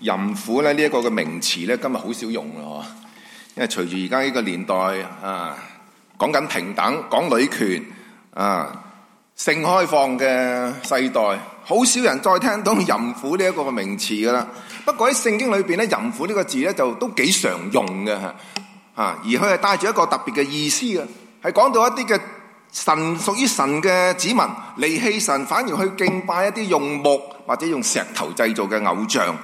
淫婦咧呢一個嘅名詞呢今日好少用咯，因為隨住而家呢個年代啊，講緊平等、講女權啊、性開放嘅世代，好少人再聽到淫婦呢一個嘅名詞噶啦。不過喺聖經裏邊咧，淫婦呢個字呢就都幾常用嘅嚇、啊、而佢係帶住一個特別嘅意思嘅，係講到一啲嘅神屬於神嘅子民離棄神，反而去敬拜一啲用木或者用石頭製造嘅偶像。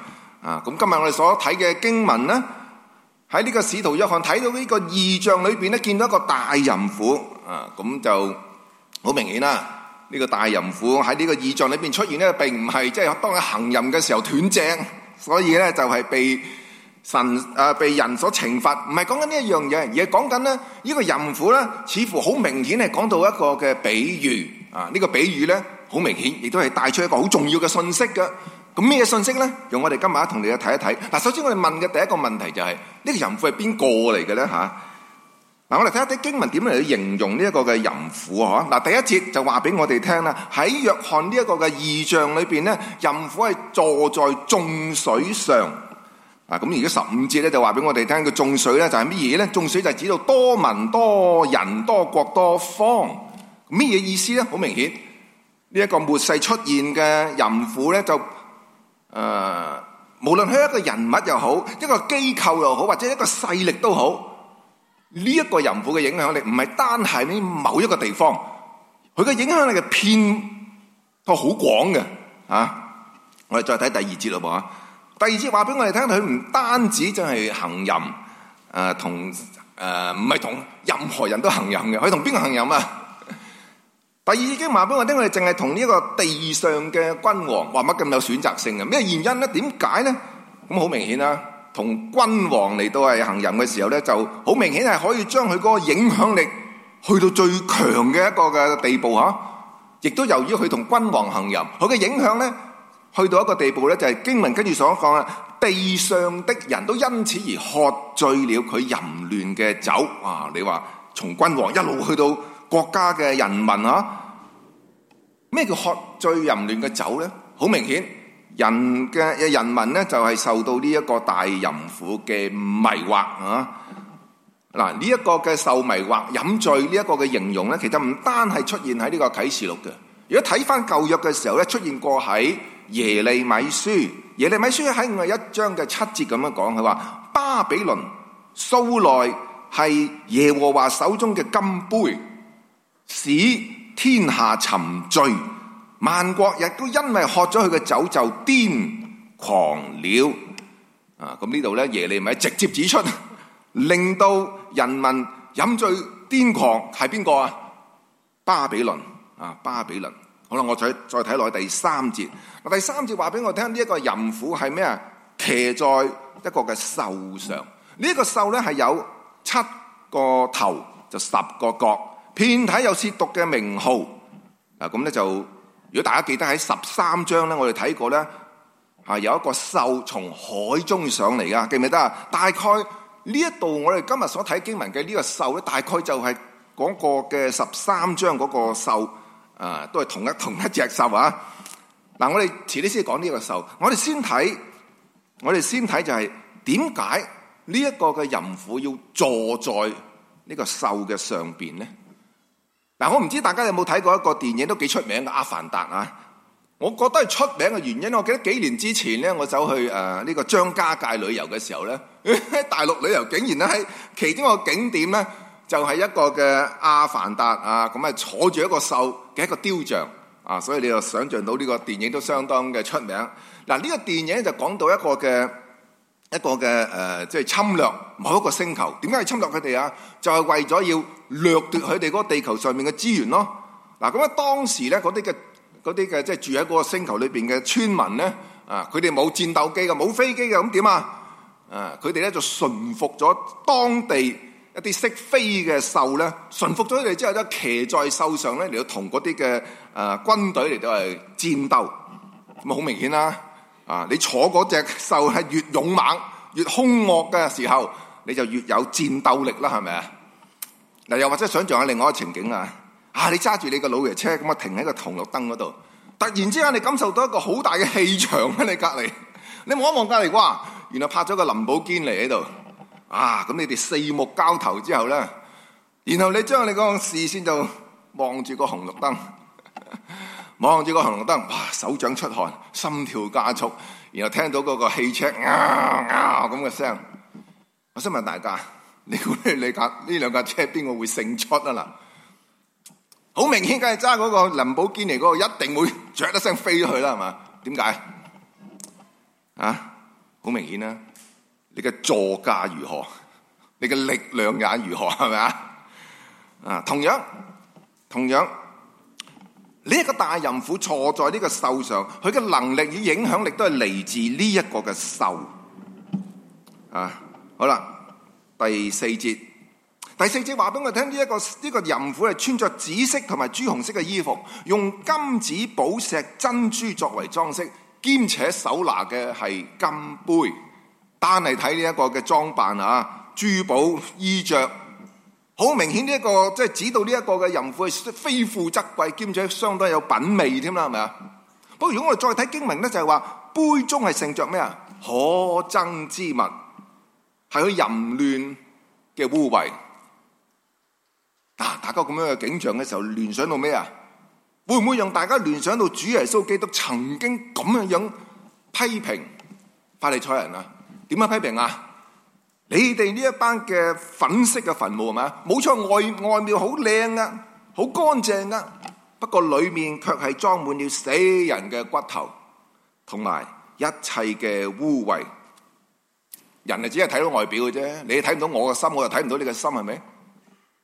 啊，咁今日我哋所睇嘅經文咧，喺呢個使徒約翰睇到呢個異象裏邊咧，見到一個大淫婦，啊，咁就好明顯啦。呢個大淫婦喺呢個異象裏邊出現咧，並唔係即係當佢行淫嘅時候斷正，所以咧就係被神誒，被人所懲罰。唔係講緊呢一樣嘢，而係講緊咧呢個淫婦咧，似乎好明顯係講到一個嘅比喻，啊，呢個比喻咧好明顯，亦都係帶出一個好重要嘅信息。㗎。咁咩信息咧？用我哋今日同你睇一睇。嗱，首先我哋問嘅第一個問題就係：呢個淫婦係邊個嚟嘅咧？吓，嗱，我哋睇一睇經文點嚟形容呢一個嘅淫婦啊！嗱，第一節就話俾我哋聽啦，喺約翰呢一個嘅意象裏邊咧，淫婦係坐在眾水上啊！咁而家十五節咧就話俾我哋聽，佢眾水咧就係乜嘢咧？眾水就係指到多民多人多國多方，咩嘢意思咧？好明顯，呢一個末世出現嘅淫婦咧就。誒、呃，無論係一個人物又好，一個機構又好，或者一個勢力都好，呢、這、一個淫婦嘅影響力唔係單係呢某一個地方，佢嘅影響力嘅片都好廣嘅，啊，我哋再睇第二節啦，嘛、啊，第二節話俾我哋聽，佢唔單止真係行淫，誒、呃、同誒唔係同任何人都行淫嘅，佢同邊個行淫啊？第二已經話俾我聽，我哋淨係同呢一個地上嘅君王話乜咁有選擇性啊？咩原因呢？點解呢？咁好明顯啦，同君王嚟到係行淫嘅時候呢，就好明顯係可以將佢嗰個影響力去到最強嘅一個嘅地步吓。亦都由於佢同君王行淫，佢嘅影響呢，去到一個地步呢，就係經文跟住所講啊，地上的人都因此而喝醉了佢淫亂嘅酒啊！你話從君王一路去到。國家嘅人民啊，咩叫喝醉淫亂嘅酒咧？好明顯，人嘅嘅人民咧就係受到呢一個大淫婦嘅迷惑啊！嗱，呢一個嘅受迷惑、飲醉呢一個嘅形容咧，其實唔單係出現喺呢個啟示錄嘅，如果睇翻舊約嘅時候咧，出現過喺耶利米書，耶利米書喺五十一章嘅七節咁樣講，佢話巴比倫素來係耶和華手中嘅金杯。使天下沉醉，萬國亦都因為喝咗佢嘅酒就癲狂了啊！咁呢度咧，耶利米直接指出，令到人民飲醉癲狂係邊個啊？巴比倫啊！巴比倫，好啦，我再再睇落去第三節。嗱，第三節話俾我聽呢一個淫婦係咩啊？騎在一個嘅獸上，呢一個獸咧係有七個頭，就十個角。遍體有褻瀆嘅名號。嗱，咁咧就如果大家記得喺十三章咧，我哋睇過咧，嚇、啊、有一個獸從海中上嚟噶，記唔記得啊？大概呢一度我哋今日所睇經文嘅呢個獸咧，大概就係講過嘅十三章嗰個獸，啊都係同一同一隻獸啊。嗱、啊，我哋遲啲先講呢個獸，我哋先睇，我哋先睇就係點解呢一個嘅淫婦要坐在個獸呢個獸嘅上邊咧？嗱，我唔知大家有冇睇過一個電影都幾出名嘅《阿凡達》啊？我覺得係出名嘅原因，我記得幾年之前咧，我走去誒呢個張家界旅遊嘅時候咧，喺大陸旅遊竟然咧，喺其中一個景點咧就係一個嘅《阿凡達》啊，咁啊坐住一個獸嘅一個雕像啊，所以你就想象到呢個電影都相當嘅出名。嗱，呢個電影就講到一個嘅。一個嘅誒，即係侵略某一個星球，點解要侵略佢哋啊？就係為咗要掠奪佢哋嗰個地球上面嘅資源咯。嗱，咁啊，當時咧嗰啲嘅嗰啲嘅即係住喺嗰個星球裏邊嘅村民咧，啊，佢哋冇戰鬥機嘅，冇飛機嘅，咁點啊？啊，佢哋咧就馴服咗當地一啲識飛嘅獸咧，馴服咗佢哋之後咧，騎在獸上咧嚟到同嗰啲嘅誒軍隊嚟到嚟戰鬥，咁啊好明顯啦。啊！你坐嗰隻獸係越勇猛，越兇惡嘅時候，你就越有戰鬥力啦，係咪啊？嗱，又或者想象下另外一個情景啊！啊，你揸住你個老爺車咁啊，停喺個紅綠燈嗰度，突然之間你感受到一個好大嘅氣場喺你隔籬，你望一望隔籬，哇！原來拍咗個林寶堅嚟喺度，啊！咁你哋四目交投之後咧，然後你將你個視線就望住個紅綠燈。 望住、哦，這個紅綠燈，哇，手掌出汗，心跳加速，然後聽到嗰個汽車啊啊咁嘅聲，我想問大家，你估你呢兩架車邊個會勝出啊？嗱，好明顯梗係揸嗰個林寶堅尼嗰個一定會着一聲飛咗去啦，係嘛？點解啊？好明顯啦，啊，你嘅座駕如何，你嘅力量也如何，係咪啊？啊，同樣，同樣。呢一個大淫婦坐在呢個獸上，佢嘅能力與影響力都係嚟自呢一個嘅獸。啊，好啦，第四節，第四節話俾我聽，呢一個呢個淫婦係穿着紫色同埋朱紅色嘅衣服，用金子、寶石、珍珠作為裝飾，兼且手拿嘅係金杯。單係睇呢一個嘅裝扮啊，珠寶衣着。好明顯呢一個即係、就是、指到呢一個嘅淫婦係非富則貴，兼且相當有品味添啦，係咪啊？不過如果我哋再睇經文咧，就係、是、話杯中係盛着咩啊？可憎之物，係佢淫亂嘅污穢。嗱、啊，大家咁樣嘅景象嘅時候，聯想到咩啊？會唔會讓大家聯想到主耶穌基督曾經咁樣樣批評法利賽人啊？點樣批評啊？你哋呢一班嘅粉色嘅墳墓係咪？冇錯，外外面好靚啊，好乾淨啊，不過裏面卻係裝滿了死人嘅骨頭，同埋一切嘅污穢。人啊，只係睇到外表嘅啫，你睇唔到我嘅心，我又睇唔到你嘅心，係咪？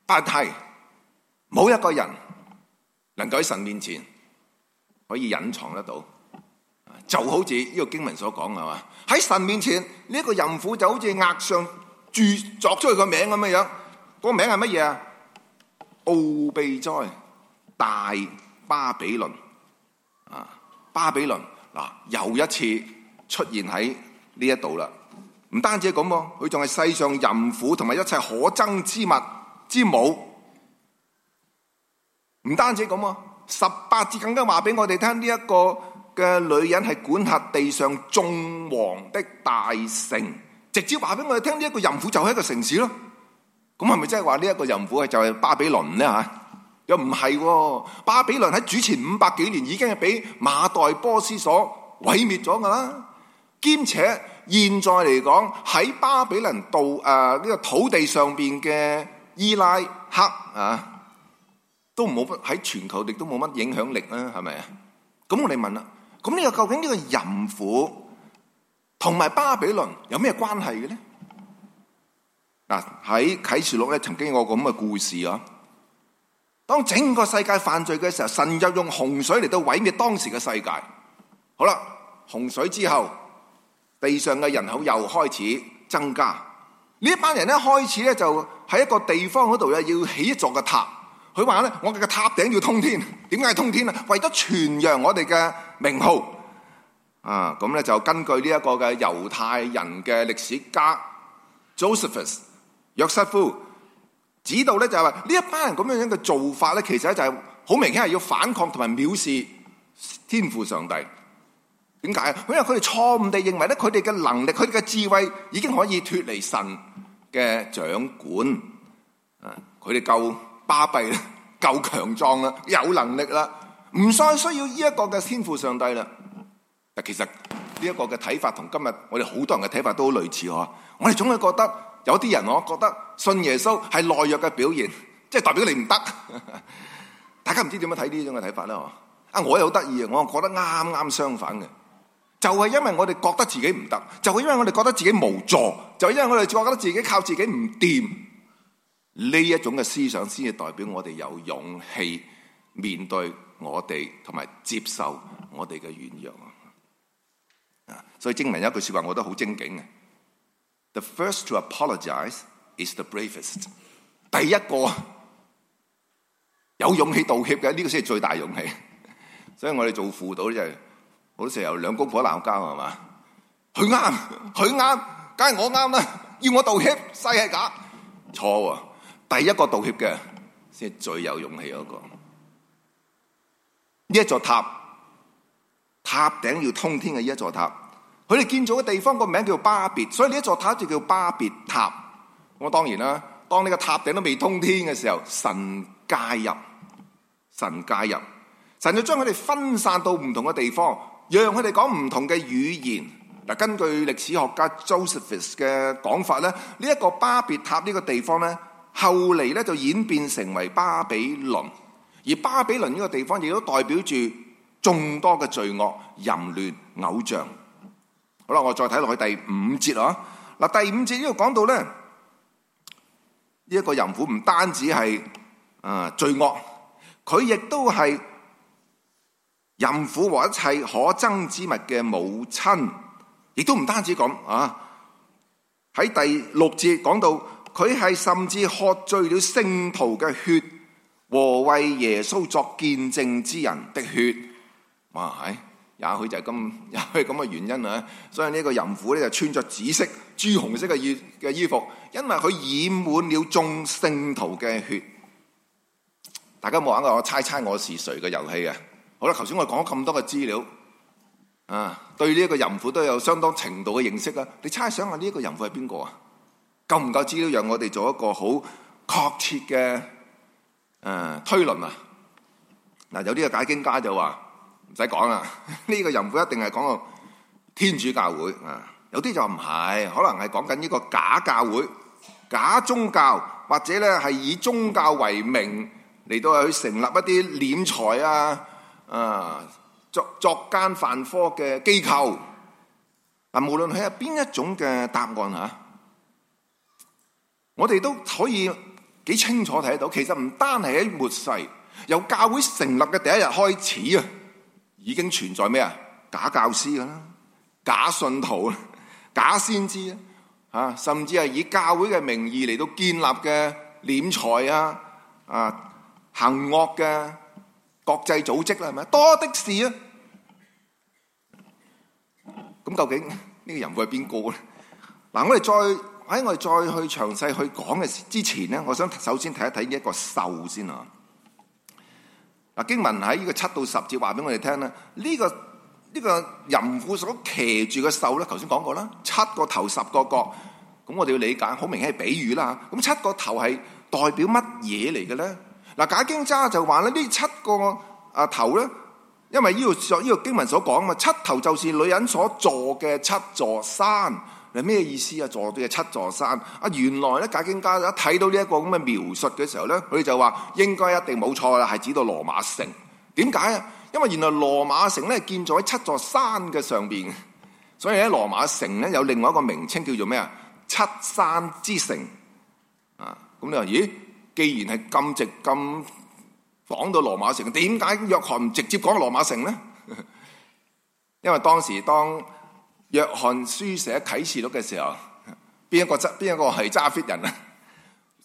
但係冇一個人能夠喺神面前可以隱藏得到。就好似呢個經文所講係嘛，喺神面前呢一個淫婦就好似額上注鑿出去個名咁嘅樣，個名係乜嘢啊？奧秘哉大巴比倫啊，巴比倫嗱，又一次出現喺呢一度啦。唔單止咁，佢仲係世上淫婦同埋一切可憎之物之母。唔單止咁，十八節更加話俾我哋聽呢一個。嘅女人係管轄地上眾王的大城，直接話俾我哋聽，呢一個淫婦就係一個城市咯。咁係咪即係話呢一個淫婦就係巴比倫咧嚇？又唔係，巴比倫喺主前五百幾年已經係俾馬代波斯所毀滅咗噶啦。兼且現在嚟講，喺巴比倫度誒呢個土地上邊嘅伊拉克啊，都冇乜，喺全球亦都冇乜影響力啦，係咪啊？咁我哋問啦。咁呢個究竟呢個淫婦同埋巴比倫有咩關係嘅咧？嗱，喺啟示錄咧，曾經有個咁嘅故事啊。當整個世界犯罪嘅時候，神又用洪水嚟到毀滅當時嘅世界。好啦，洪水之後地上嘅人口又開始增加，呢一班人咧，開始咧就喺一個地方嗰度咧要起一座嘅塔。佢話咧，我哋嘅塔頂要通天。點解通天啊？為咗傳揚我哋嘅。名號啊，咁咧就根據呢一個嘅猶太人嘅歷史家 Josephus 約瑟夫指導咧，就係話呢一班人咁樣樣嘅做法咧，其實就係好明顯係要反抗同埋藐視天父上帝。點解啊？因為佢哋錯誤地認為咧，佢哋嘅能力、佢哋嘅智慧已經可以脱離神嘅掌管啊！佢哋夠巴閉啦，夠強壯啦，有能力啦。唔再需要呢一個嘅天父上帝啦。嗱，其實呢一個嘅睇法，同今日我哋好多人嘅睇法都好類似嗬。我哋總係覺得有啲人，我覺得信耶穌係懦弱嘅表現，即係代表你唔得。大家唔知點樣睇呢種嘅睇法啦？嗬啊，我又好得意啊！我啊覺得啱啱相反嘅，就係因為我哋覺得自己唔得，就係因為我哋覺得自己無助，就係因為我哋就覺得自己靠自己唔掂呢一種嘅思想，先至代表我哋有勇氣面對。我哋同埋接受我哋嘅軟弱啊！所以精明有一句説話，我覺得好精警嘅。The first to apologize is the bravest。第一個有勇氣道歉嘅，呢、這個先係最大勇氣。 所以我哋做輔導就係、是、好多時候兩公婆鬧交啊嘛。佢啱，佢啱，梗係我啱啦。要我道歉，曬係假錯喎，啊。第一個道歉嘅先係最有勇氣嗰，那個。呢一座塔，塔頂要通天嘅呢一座塔，佢哋建造嘅地方個名叫巴別，所以呢一座塔就叫巴別塔。咁啊，當然啦，當呢個塔頂都未通天嘅時候，神介入，神介入，神就將佢哋分散到唔同嘅地方，讓佢哋講唔同嘅語言。嗱，根據歷史學家 Josephus 嘅講法咧，呢一個巴別塔呢個地方咧，後嚟咧就演變成為巴比倫。而巴比倫呢個地方，亦都代表住眾多嘅罪惡、淫亂、偶像。好啦，我再睇落去第五節啦。嗱，第五節呢度講到咧，呢一個淫婦唔單止係啊罪惡，佢亦都係淫婦和一切可憎之物嘅母親，亦都唔單止咁啊。喺第六節講到，佢係甚至喝醉了聖徒嘅血。和為耶穌作見證之人的血，哇！係，也許就係咁，也許咁嘅原因啊。所以呢個淫婦咧就穿着紫色、朱紅色嘅衣嘅衣服，因為佢染滿了眾聖徒嘅血。大家冇玩過我猜猜我是誰嘅遊戲啊。好啦，頭先我講咗咁多嘅資料，啊，對呢一個淫婦都有相當程度嘅認識啊。你猜想下呢個淫婦係邊個啊？夠唔夠資料讓我哋做一個好確切嘅？誒，推論啊，嗱，有啲嘅解經家就話唔使講啦，呢個淫婦一定係講到天主教會啊，有啲就唔係，可能係講緊呢個假教會、假宗教，或者咧係以宗教為名嚟到去成立一啲斂財啊、啊作作奸犯科嘅機構。嗱，無論係邊一種嘅答案啊，我哋都可以。幾清楚睇得到，其實唔單係喺末世，由教會成立嘅第一日開始啊，已經存在咩啊？假教師啦，假信徒啦，假先知啊，吓，甚至係以教會嘅名義嚟到建立嘅斂財啊，啊，行惡嘅國際組織啦，係咪多的是啊？咁究竟呢個人會係邊個咧？嗱，我哋再。喺我哋再去詳細去講嘅之前呢，我想首先睇一睇一個獸先啊。嗱，經文喺呢個七到十節話俾我哋聽咧，呢、這個呢、這個淫婦所騎住嘅獸呢，頭先講過啦，七個頭十個角，咁我哋要理解，好明顯係比喻啦。咁七個頭係代表乜嘢嚟嘅呢？嗱，假經渣就話呢，呢七個啊頭咧，因為呢、這個所呢、這個經文所講嘛，七頭就是女人所坐嘅七座山。嗱，咩意思啊？座嘅七座山。啊，原來咧，解經家一睇到呢一個咁嘅描述嘅時候咧，佢哋就話應該一定冇錯啦，係指到羅馬城。點解啊？因為原來羅馬城咧建造喺七座山嘅上邊，所以咧羅馬城咧有另外一個名稱叫做咩啊？七山之城。啊，咁你話咦？既然係咁直咁講到羅馬城，點解約翰唔直接講羅馬城咧？ 因為當時當約翰書寫啟示錄嘅時候，邊一個側邊一個係揸 fit 人啊？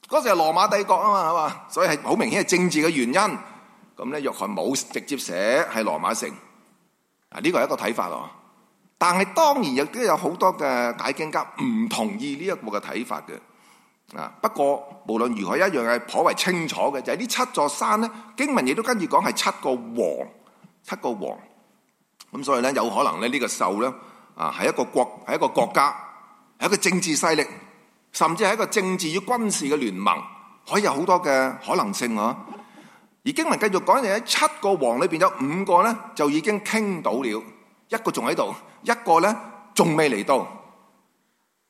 嗰 時係羅馬帝國啊嘛，係嘛，所以係好明顯係政治嘅原因。咁咧，約翰冇直接寫係羅馬城。啊，呢個係一個睇法咯。但係當然亦都有好多嘅解經家唔同意呢一個嘅睇法嘅。啊，不過無論如何，一樣係頗為清楚嘅就係、是、呢七座山咧，經文亦都跟住講係七個王，七個王。咁所以咧，有可能咧呢個獸咧。啊，係一個國，係一個國家，係一個政治勢力，甚至係一個政治與軍事嘅聯盟，可以有好多嘅可能性嗬。而經文繼續講，就喺七個王裏邊有五個咧，就已經傾到了，一個仲喺度，一個咧仲未嚟到。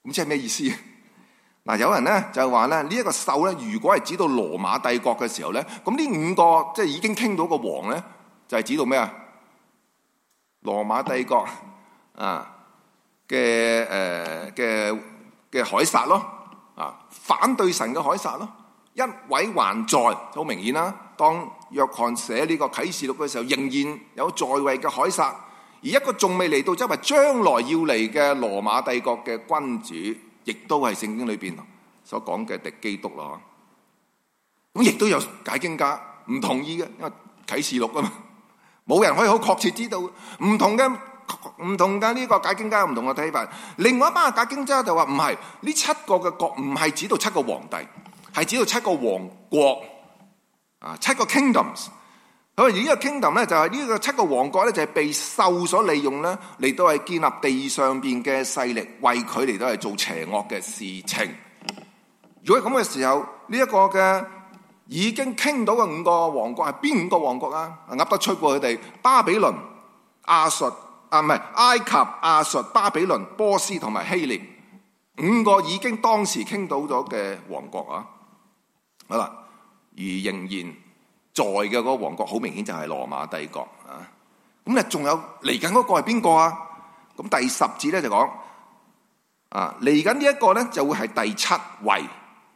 咁即係咩意思？嗱，有人咧就話咧，呢一個獸咧，如果係指到羅馬帝國嘅時候咧，咁呢五個即係已經傾到個王咧，就係指到咩啊？羅馬帝國啊！嘅誒嘅嘅凱撒咯啊，反對神嘅凱撒咯，一位還在，好明顯啦。當約翰寫呢個啟示錄嘅時候，仍然有在位嘅凱撒，而一個仲未嚟到，即係話將來要嚟嘅羅馬帝國嘅君主，亦都係聖經裏邊所講嘅敵基督咯。咁亦都有解經家唔同意嘅，因為啟示錄啊嘛，冇人可以好確切知道唔同嘅。唔同嘅呢個解經家有唔同嘅睇法，另外一班解經家就話唔係呢七個嘅國，唔係指到七個皇帝，係指到七個王國，啊七個 kingdoms。咁而呢個 kingdom 咧就係呢個七個王國咧就係被獸所利用咧嚟到係建立地上邊嘅勢力，為佢嚟到係做邪惡嘅事情。如果咁嘅時候，呢一個嘅已經傾到嘅五個王國係邊五個王國啊？噏得出過佢哋巴比倫、亞述。係、啊、埃及、亞述、巴比倫、波斯同埋希臘五個已經當時傾到咗嘅王國啊？好啦，而仍然在嘅嗰個王國，好明顯就係羅馬帝國啊。咁咧仲有嚟緊嗰個係邊個啊？咁、啊、第十節咧就講啊嚟緊呢一個咧就會係第七位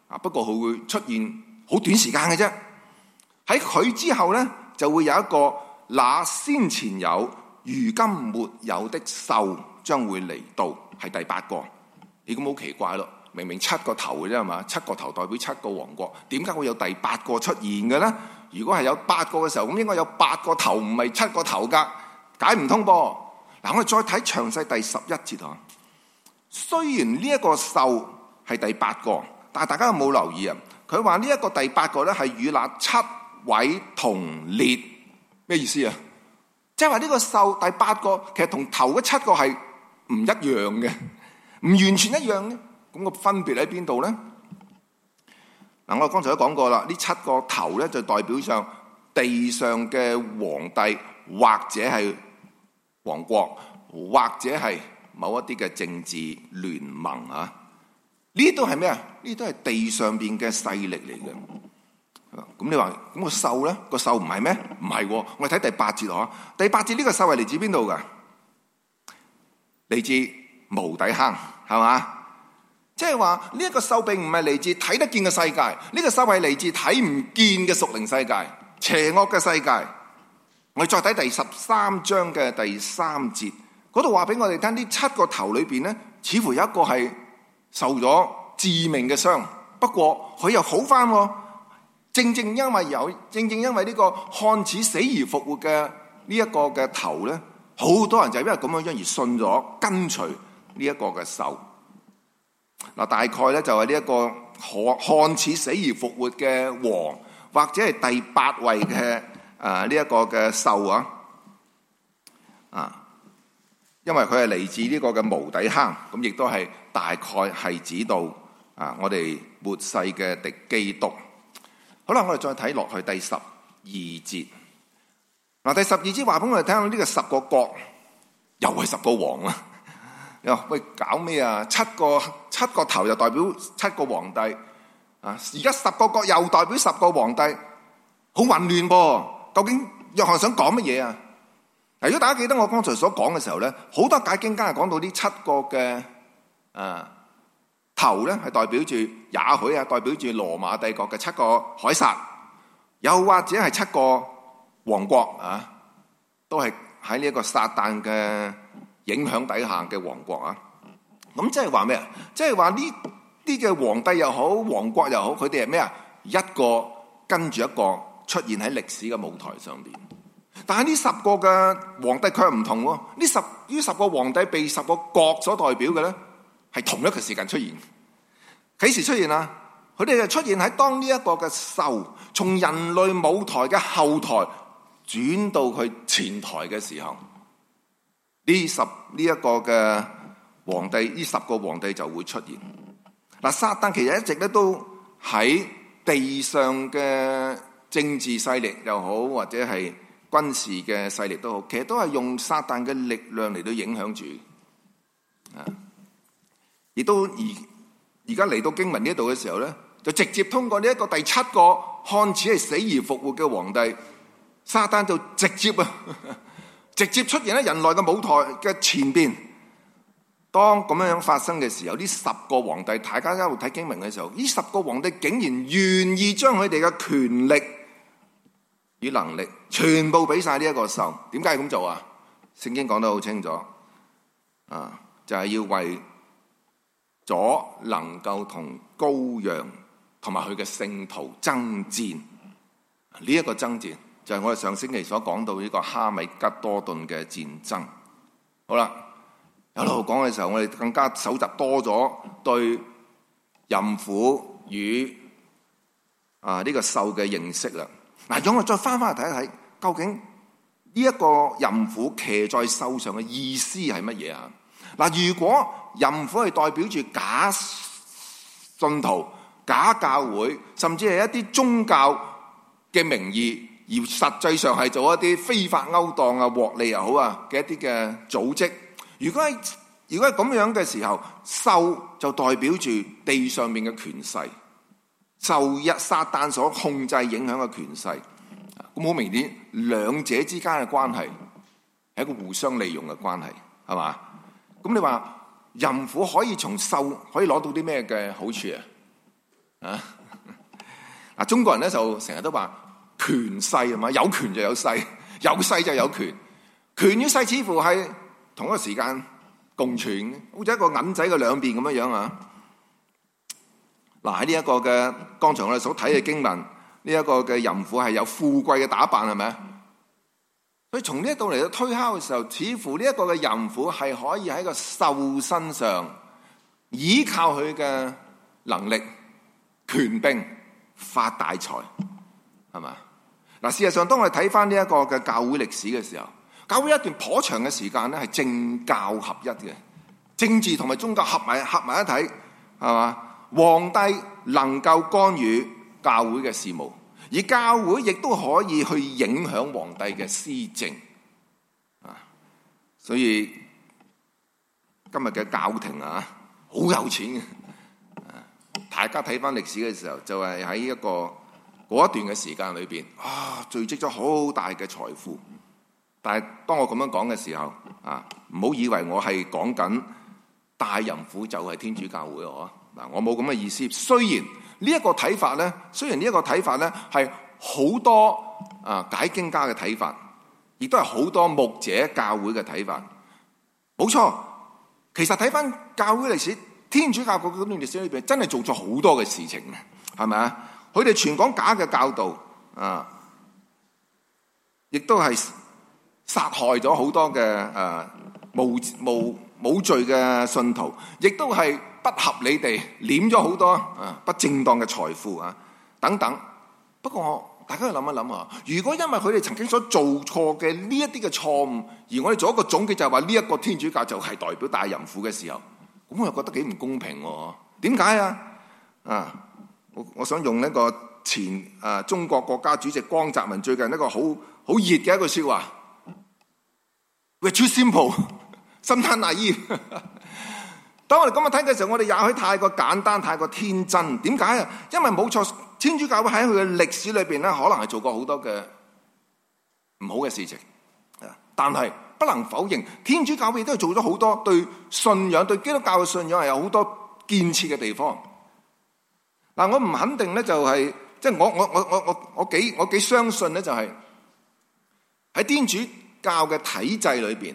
啊，不過佢會出現好短時間嘅啫。喺佢之後咧就會有一個那先前有。如今沒有的獸將會嚟到，係第八個。你咁好奇怪咯。明明七個頭嘅啫係嘛，七個頭代表七個王國，點解會有第八個出現嘅咧？如果係有八個嘅時候，咁應該有八個頭唔係七個頭噶，解唔通噃？嗱，我哋再睇詳細第十一節啊。雖然呢一個獸係第八個，但係大家有冇留意啊？佢話呢一個第八個咧係與那七位同列，咩意思啊？即係話呢個獸第八個，其實同頭嗰七個係唔一樣嘅，唔完全一樣嘅。咁個分別喺邊度呢？嗱，我剛才都講過啦，呢七個頭呢，就代表上地上嘅皇帝，或者係王國，或者係某一啲嘅政治聯盟啊。呢度係咩啊？呢都係地上邊嘅勢力嚟嘅。咁你話咁個獸咧？個獸唔係咩？唔係，我哋睇第八節嗬。第八節呢個獸係嚟自邊度噶？嚟自無底坑，係嘛？即係話呢一個獸並唔係嚟自睇得見嘅世界，呢個獸係嚟自睇唔見嘅屬靈世界、邪惡嘅世界。我哋再睇第十三章嘅第三節，嗰度話俾我哋聽，呢七個頭裏邊咧，似乎有一個係受咗致命嘅傷，不過佢又好翻。正正因為有，正正因為呢個看似死而復活嘅呢一個嘅頭咧，好多人就係就因為咁樣因而信咗跟隨呢一個嘅獸。嗱，大概咧就係呢一個看看似死而復活嘅王，或者係第八位嘅啊呢一個嘅獸啊。啊，因為佢係嚟自呢個嘅無底坑，咁亦都係大概係指到啊我哋末世嘅敵基督。好啦，我哋再睇落去第十二節。嗱，第十二節話俾我哋聽，呢個十個國又係十個王啦，啊。又喂搞咩啊？七個七個頭就代表七個皇帝啊！而家十個國又代表十個皇帝，好混亂噃，啊。究竟約翰想講乜嘢啊？嗱，如果大家記得我剛才所講嘅時候咧，好多解經家係講到呢七個嘅啊。頭呢係代表住，也許啊，代表住羅馬帝國嘅七個凱撒，又或者係七個王國啊，都係喺呢一個撒旦嘅影響底下嘅王國啊。咁即係話咩啊？即係話呢啲嘅皇帝又好，王國又好，佢哋係咩啊？一個跟住一個出現喺歷史嘅舞台上邊。但係呢十個嘅皇帝佢又唔同喎，啊。呢十于十個皇帝被十個國所代表嘅呢，係同一個時間出現。幾時出現啊？佢哋就出現喺當呢一個嘅獸，從人類舞台嘅後台轉到佢前台嘅時候，呢十呢一、這個嘅皇帝，呢十個皇帝就會出現。嗱，撒旦其實一直咧都喺地上嘅政治勢力又好，或者係軍事嘅勢力都好，其實都係用撒旦嘅力量嚟到影響住，啊，亦都而。而家嚟到經文呢度嘅時候咧，就直接通過呢一個第七個看似係死而復活嘅皇帝，撒旦就直接啊，直接出現喺人類嘅舞台嘅前邊。當咁樣樣發生嘅時候，呢十個皇帝，大家一路睇經文嘅時候，呢十個皇帝竟然願意將佢哋嘅權力與能力全部俾晒呢一個受，點解係咁做啊？聖經講得好清楚，啊，就係要為。咗，能夠同羔羊同埋佢嘅聖徒爭戰，呢、這、一個爭戰就係我哋上星期所講到呢個哈米吉多頓嘅戰爭。好啦，一路講嘅時候，我哋更加搜集多咗對淫婦與啊呢、這個獸嘅認識啦。嗱，咁我再翻翻嚟睇一睇，究竟呢一個淫婦騎在獸上嘅意思係乜嘢啊？嗱，如果淫婦係代表住假信徒、假教會，甚至係一啲宗教嘅名義，而實際上係做一啲非法勾當啊、獲利又好啊嘅一啲嘅組織。如果係如果係咁樣嘅時候，獸就代表住地上面嘅權勢，受一撒旦所控制影響嘅權勢。咁好明顯，兩者之間嘅關係係一個互相利用嘅關係，係嘛？咁你話淫婦可以從受可以攞到啲咩嘅好處啊？啊！ 中國人呢就成日都話權勢，有權就有勢，有勢就有權，權與勢似乎係同一個時間共存，好似一個銀仔嘅兩邊咁樣啊！嗱，喺呢一個嘅剛才我哋所睇嘅經文，呢一個嘅淫婦係有富貴嘅打扮係咪？佢以從呢一度嚟到推敲嘅時候，似乎呢一個嘅淫婦係可以喺個獸身上依靠佢嘅能力、權柄發大財，係嘛？嗱，事實上當我哋睇翻呢一個嘅教會歷史嘅時候，教會一段頗長嘅時間咧係政教合一嘅，政治同埋宗教合埋合埋一體，係嘛？皇帝能夠干預教會嘅事務。而教會亦都可以去影響皇帝嘅施政啊！所以今日嘅教廷啊，好有錢嘅、啊。大家睇翻歷史嘅時候，就係、是、喺一個嗰一段嘅時間裏邊，哇、啊！聚積咗好大嘅財富。但係當我咁樣講嘅時候，啊，唔好以為我係講緊大淫婦就係天主教會哦。嗱、啊，我冇咁嘅意思。雖然。呢一個睇法咧，雖然呢一個睇法咧係好多啊解經家嘅睇法，亦都係好多牧者教會嘅睇法。冇錯，其實睇返教會歷史，天主教嗰咁樣歷史裏邊，真係做咗好多嘅事情，係咪啊？佢哋全講假嘅教導啊，亦都係殺害咗好多嘅啊無無。冇罪嘅信徒，亦都係不合理地斂咗好多啊，不正當嘅財富啊等等。不過大家去諗一諗啊，如果因為佢哋曾經所做錯嘅呢一啲嘅錯誤，而我哋做一個總結就係話呢一個天主教就係代表大淫婦嘅時候，咁我又覺得幾唔公平喎？點解啊？啊，我我想用呢個前啊中國國家主席江澤民最近一個好好熱嘅一句說話：We're too simple。聖誕大衣。 當我哋今日睇嘅時候，我哋也許太過簡單、太過天真。點解啊？因為冇錯，天主教會喺佢嘅歷史裏邊咧，可能係做過好多嘅唔好嘅事情。但係不能否認，天主教會亦都係做咗好多對信仰、對基督教嘅信仰係有好多建設嘅地方。嗱、就是就是，我唔肯定咧，就係即係我我我我我我幾我幾相信咧，就係喺天主教嘅體制裏邊。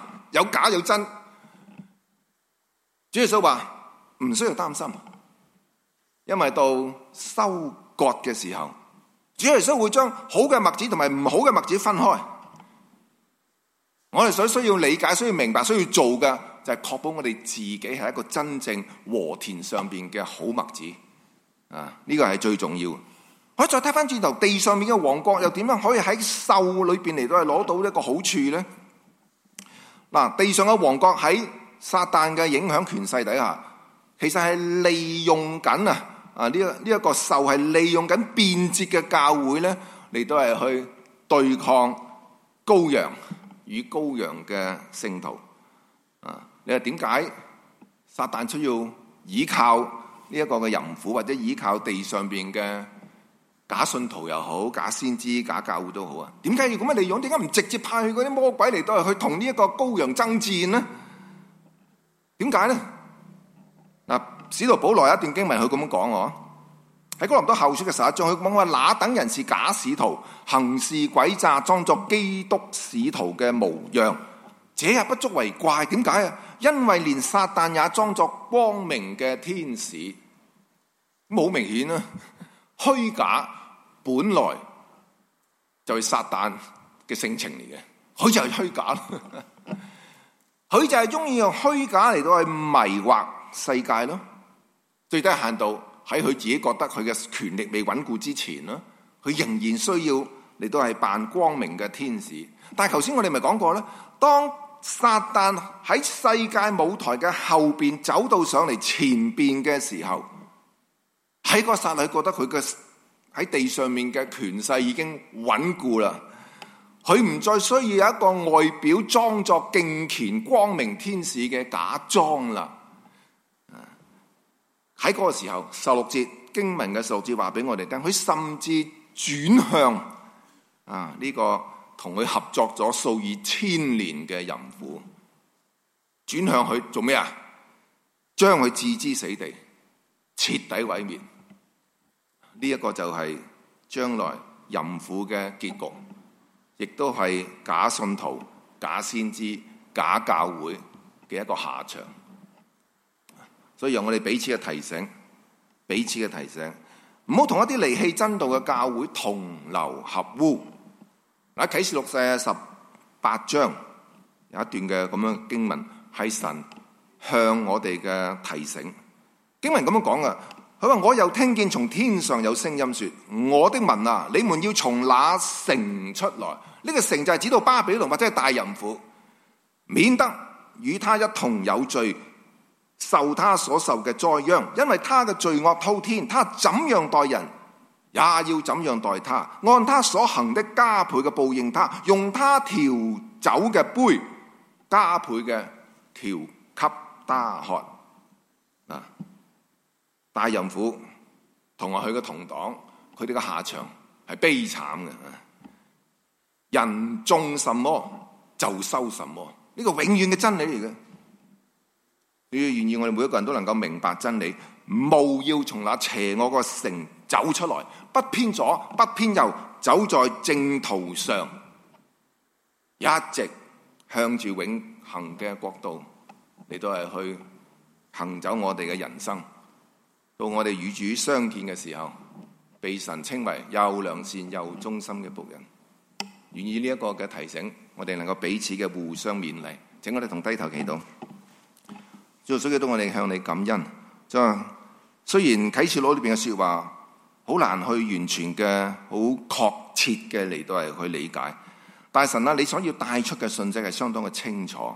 有假有真，主耶穌話唔需要擔心，因為到收割嘅時候，主耶穌會將好嘅麥子同埋唔好嘅麥子分開。我哋所需要理解、需要明白、需要做嘅，就係、是、確保我哋自己係一個真正禾田上邊嘅好麥子。啊，呢個係最重要。可以再睇翻轉頭地上面嘅王國，又點樣可以喺獸裏邊嚟到攞到一個好處咧？嗱，地上嘅王國喺撒旦嘅影響權勢底下，其實係利用緊啊啊呢一呢一個獸係，這個、利用緊便捷嘅教會咧，嚟到係去對抗羔羊與羔羊嘅聖徒啊！你話點解撒旦需要倚靠呢一個嘅淫婦，或者倚靠地上邊嘅？假信徒又好，假先知、假教都好啊。點解要咁嘅利用？點解唔直接派去嗰啲魔鬼嚟到去同呢一個羔羊爭戰呢？點解呢？嗱，使徒保羅有一段經文，佢咁樣講喎。喺哥林多後書嘅十一章，佢講話，那等人是假使徒，行事詭詐，裝作基督使徒嘅模樣，這也不足為怪。點解啊？因為連撒旦也裝作光明嘅天使，冇明顯啊，虛假。本來就係撒旦嘅性情嚟嘅，佢就係虛假，佢 就係中意用虛假嚟到去迷惑世界咯。最低限度喺佢自己覺得佢嘅權力未穩固之前咯，佢仍然需要嚟到係扮光明嘅天使。但係頭先我哋咪講過咧，當撒旦喺世界舞台嘅後邊走到上嚟前邊嘅時候，喺個撒旦覺得佢嘅。喺地上面嘅權勢已經穩固啦，佢唔再需要有一個外表裝作敬虔、光明天使嘅假裝啦。喺嗰個時候，十六節經文嘅數字話俾我哋聽，佢甚至轉向啊呢個同佢合作咗數以千年嘅淫婦，轉向佢做咩啊？將佢置之死地，徹底毀滅。呢一個就係將來淫婦嘅結局，亦都係假信徒、假先知、假教會嘅一個下場。所以讓我哋彼此嘅提醒，彼此嘅提醒，唔好同一啲離棄真道嘅教會同流合污。嗱，《啟示錄》第十八章有一段嘅咁樣經文，係神向我哋嘅提醒。經文咁樣講啊～佢話：我又聽見從天上有聲音說：我的民啊，你們要從那城出來。呢、這個城就係指到巴比倫或者係大淫婦，免得與他一同有罪，受他所受嘅災殃，因為他嘅罪惡滔天。他怎樣待人，也要怎樣待他，按他所行的加倍嘅報應他，用他調酒嘅杯加倍嘅調給他喝。大淫婦同埋佢個同黨，佢哋個下場係悲慘嘅。人種什麼就收什麼，呢個永遠嘅真理嚟嘅。你願意，我哋每一個人都能夠明白真理，務要從那邪惡個城走出來，不偏左不偏右，走在正途上，一直向住永恆嘅國度，你都係去行走我哋嘅人生。到我哋與主相見嘅時候，被神稱為又良善又忠心嘅僕人，願意呢一個嘅提醒，我哋能夠彼此嘅互相勉勵。請我哋同低頭祈禱。主耶穌基督，我哋向你感恩。就雖然啟示錄裏邊嘅說話，好難去完全嘅，好確切嘅嚟到嚟去理解，但神啊，你所要帶出嘅信息係相當嘅清楚。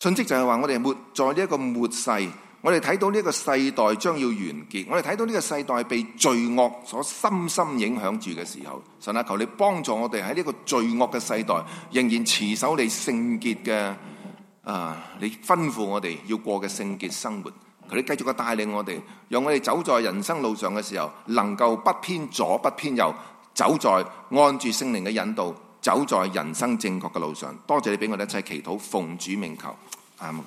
信息就係話我哋喺呢一個末世。我哋睇到呢個世代將要完結，我哋睇到呢個世代被罪惡所深深影響住嘅時候，神啊，求你幫助我哋喺呢個罪惡嘅世代，仍然持守你聖潔嘅啊，你吩咐我哋要過嘅聖潔生活，求你繼續嘅帶領我哋，讓我哋走在人生路上嘅時候，能夠不偏左不偏右，走在按住聖靈嘅引導，走在人生正確嘅路上。多謝你俾我哋一齊祈禱，奉主名求，阿們。